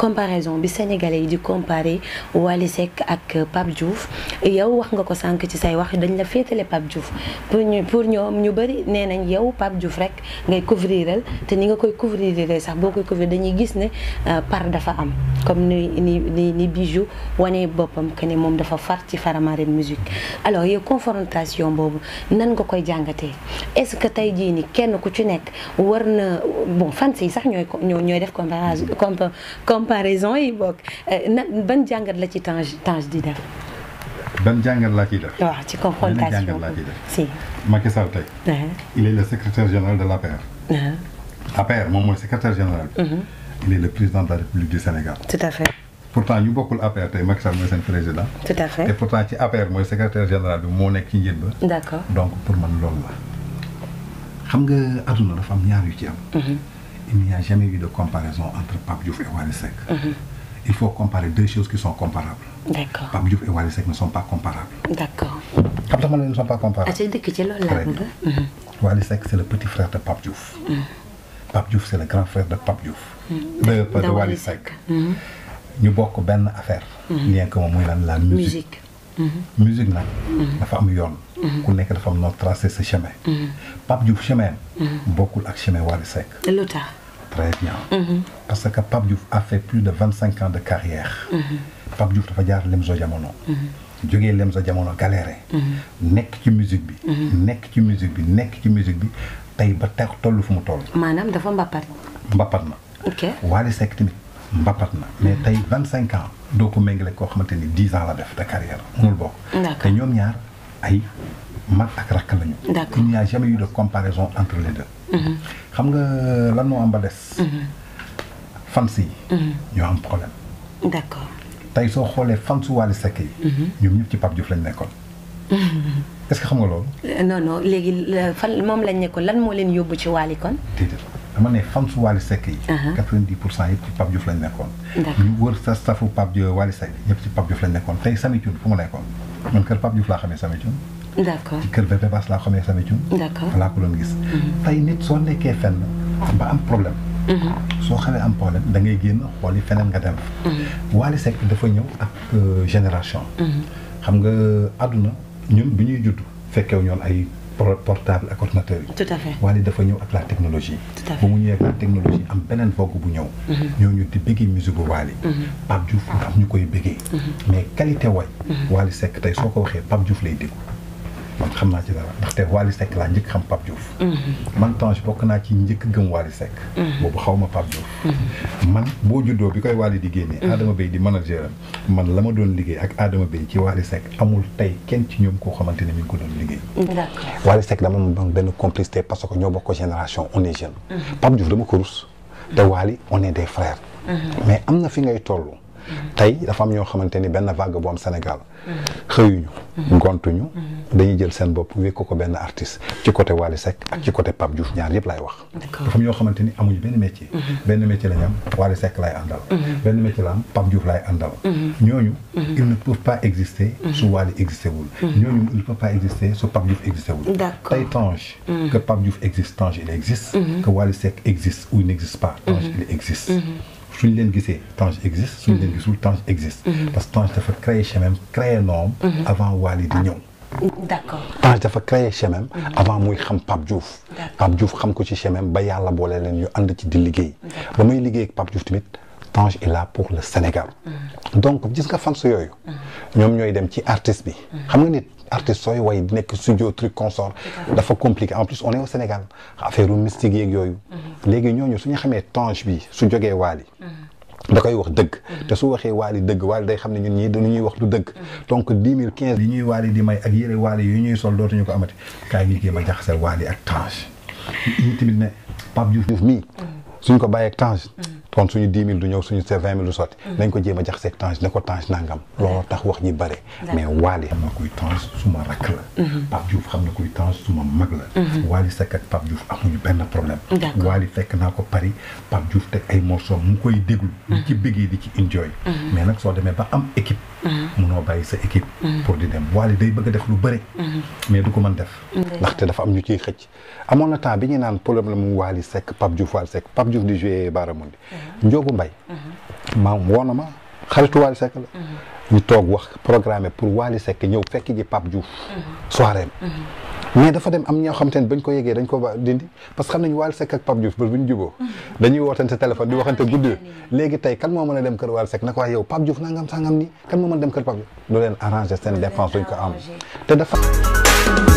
comparaison bi sénégalais yi di comparer Wally Seck ak Pape jouf yow wax nga ko sànq ci say wax dañ la féetale Pape jouf pour ñu ñoom ñu bëri nee nañ yow Pape Diouf rek ngay couvriral te ni nga koy couvriral sax boo koy couvrir dañuy gis ne euh, par dafa am comme ni ni ni bijou wane boppam que ni moom dafa far ci Faramareen musique alors yow confrontation boobu nan nga koy jàngatee est-ce que tey jii ni kenn ku ci nekk war na bon fans sax ñooy ñooy def comparaison comparaison yi bokk euh, na ban jàngat la ci Tange Tange di def. ban jàngat laa ciy def. ci confrontation benn jàngat laa ciy def. si Macky tey. Uh-huh. il est le secrétaire général de l'APR. Uh-huh. APR moom mooy secrétaire général. Uh-huh. il est le président de la République du Sénégal. tout à fait. pourtant ñu bokkul APR tey Macky Sall mooy seen président. tout à fait et pourtant ci APR mooy secrétaire général bi moo nekk ci njët ba. d'accord donc pour man loolu la. xam nga adduna dafa am ñaar yu ci am. il n'y a jamais eu de comparaison entre Pape Diouf et Wally Seck. Mm -hmm. Il faut comparer deux choses qui sont comparables. D'accord. Pape et Wally ne sont pas comparables. D'accord. Xam nga ne ne sont pas ah, mhm. c'est le petit frère de Pape Diouf. Mm -hmm. c'est le grand frère de Pape Diouf. Mhm. de de mhm. ñu bokk benn affaire. lien que moom muy lan la musique. musique nag. dafa am yoon. ku nekk dafa am noo tracé sa chemin. Pape Diouf chemin. bokkul ak chemin Wally très parce que Pape Diouf a fait plus de vingt cinq ans de carrière Pape Diouf dafa jaar Lemzo Jamono. jógee Lemzo Jamono galéré. nekk ci musique bi. nekk ci musique bi nekk ci musique bi tey ba tax toll fu mu toll. maanaam dafa mbappat. mbappat na. ok Wally Seck tamit mbappat na mais tey vingt cinq ans doo ko méngale koo xamante ni dix ans la def de carrière munul bokk. te ñoom ñaar ay mag ak rakk lañu. a jamais eu de Mm-hmm. xam nga lan moo am ba des. Mm-hmm. fans yi. Mm-hmm. ñoo am problème. d'accord tey soo xoolee fansu Wally sekk yi. ñoom ñëpp ci Pape Diouf lañ nekkoon. est-ce que xam nga loolu. Euh, non léegi euh, fan moom lañ nekkoon lan moo leen yóbbu ci Wally kon. déedéet dama ne fansu Wally Seck yi. 90 uh-huh. pour cent ci Pape Diouf lañ nekkoon. ñu wër sa staffu Pape Wally Seck ñëpp ci Pape Diouf lañ nekkoon tey Samy Thioune fu mu nekkoon man kër Pape Diouf laa xamee Samy Thioune. d'accord ci kër bébé Bass laa xamee sama jum. ko doon gis. Mhm. tey nit soo nekkee fenn ba am problème. Mhm. soo xamee am problème da ngay génn xooli feneen nga dem. Mhm. Wally sekk dafa ñëw ak euh, génération. xam nga àdduna ñun bi ñuy judd fekkew ñoon ay portable ak ordinateur yi. tout à fait dafa ñëw ak la technologie. tout à mu ñëwee ak la technologie am beneen vogue bu ñëw. ñooñu di bëggee musique bu Wally. Pape Diouf am ñu koy bëggee. mais qualité way Wally sekk tey soo ko waxee Pape Diouf lay man xam naa ci dara ndaxte Wally Seck laa njëkk xam Pape Diouf. Mhm. man Tange bokk naa ci njëkk gëm Wally Seck. Mhm. boobu xaw ma Pape Diouf. Mhm. man boo juddoo bi koy Wally di génnee. Adama Bey di manager am man la ma doon liggéey ak Adama Bey ci Wally Seck amul tey kenn ci ñoom koo xamante ne mi ngi ko doon liggéey. d'accord Wally Seck dama am benn complicité parce que ñoo bokk génération on est jeune. Pape Diouf dama ko rus. te Wally on est des frères. mais am na fi ngay toll. tey dafa am ñoo xamante ni benn vague bu am Sénégal xëyuñu gontuñu dañu jël seen bopp wékk ko benn artiste ci côté Wally Seck ak ci côté Pape Diouf ñaar yëpp laay wax dafa am ñoo xamante ni amuñu benn métier mhm. benn métier lañ am Wally Seck laay àndal mhm. benn métier la am Pape Diouf laay àndal mhm. ñooñu ils ne peuvent pas exister su Wally existé wul ñooñu il ne peut pas exister su Pape Diouf existé wul tey Tange que Pape Diouf existe Tange il existe que Wally Seck existe suñ leen gisee Tange existe suñ leen mm-hmm. gisul Tange existe mm-hmm. parce que Tange dafa créer chemem créer noom mm-hmm. avant Wally di ah, ñëw Tange dafa créer chemem avant muy xam Pape Diouf Pape Diouf xam ko ci chemem ba yàlla boole leen ñu ànd ci di liggéey ba may liggéey ak Pape Diouf tamit Tange est là pour le Sénégal donc gis nga fans yooyu ñoom ñooy dem ci artiste bi xam nga nit artiste sooy way di nekk studio truc consort dafa compliqué en plus on est au Sénégal affaire mystique yeeg yooyu léegi ñooñu ñu xamee tange bi su jógee waali da koy wax dëgg te su waxee waali dëgg waali day xam ne ñun ñii dañu ñuy wax lu dëgg donc dix mille quinze yi ñuy waali di may ak yére waali yu ñuy sol ñu ko amati kaay ñuy jéem a jaxasal waali ak tange ñii tamit ne Pape Diouf Diouf mii suñ ko bàyyee ak tange ton suñu dix mille du ñëw suñu sa vingt mille du sotti. Mm. nañ ko jéem a jaxasee tange ne ko tange nangam. looloo tax wax ñu bare. mais Waly. xam na kuy tange suma rakk la. Mm-hmm. Pape Diouf xam na kuy tange suma mag la. Mm-hmm. Waly Seck ak fekk naa ko Paris Pape Diouf teg ay morceaux mu koy déglu. di ci mm-hmm. bëggee di ci enjoy. mais nag soo demee ba am équipe. munoo bàyyi sa équipe. pour di dem Waly day bëgg def lu bëri. mais du ko mën def. ndaxte dafa am ñu ciy xëcc amoon na temps bi ñu naan problème la mu Waly Seck Pape Diouf Waly Seck Pape Diouf di joué Baaramundi. Njóobu Mbay maa woo ma xaritu Waly Seck la ñu toog wax programme pour Waly Seck ñëw fekk ji Pape Diouf soirée mais dafa dem am ñoo xamante ne bañ ko yegee dañ ko ba dindi parce que xam nañu Waly Seck ak Pape Diouf ba buñ juboo a dem kër Waly Seck nag waaye yow Pape Diouf nangam sangam a dem ko am te dafa